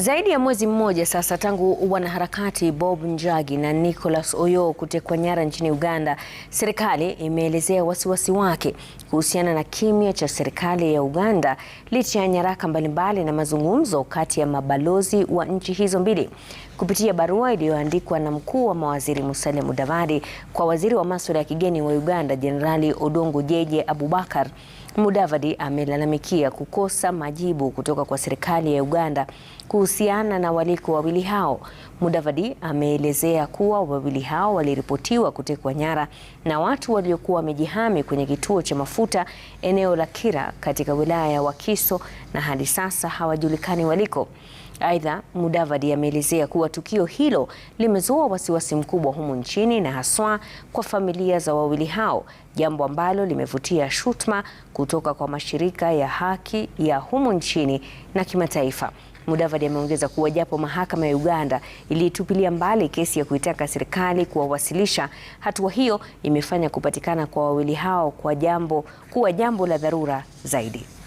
Zaidi ya mwezi mmoja sasa tangu wanaharakati Bob Njagi na Nicholas Oyoo kutekwa nyara nchini Uganda, serikali imeelezea wasiwasi wake kuhusiana na kimya cha serikali ya Uganda licha ya nyaraka mbalimbali na mazungumzo kati ya mabalozi wa nchi hizo mbili. Kupitia barua iliyoandikwa na mkuu wa mawaziri Musalia Mudavadi kwa waziri wa masuala ya kigeni wa Uganda Jenerali Odongo Jeje Abubakar, Mudavadi amelalamikia kukosa majibu kutoka kwa serikali ya Uganda kuhusiana na waliko wawili hao. Mudavadi ameelezea kuwa wawili hao waliripotiwa kutekwa nyara na watu waliokuwa wamejihami kwenye kituo cha mafuta eneo la Kira katika wilaya ya Wakiso na hadi sasa hawajulikani waliko. Aidha, Mudavadi ameelezea kuwa tukio hilo limezua wasiwasi mkubwa humu nchini na haswa kwa familia za wawili hao, jambo ambalo limevutia shutuma kutoka kwa mashirika ya haki ya humu nchini na kimataifa. Mudavadi ameongeza kuwa japo mahakama ya Uganda ilitupilia mbali kesi ya kuitaka serikali kuwawasilisha, hatua hiyo imefanya kupatikana kwa wawili hao kwa jambo kuwa jambo la dharura zaidi.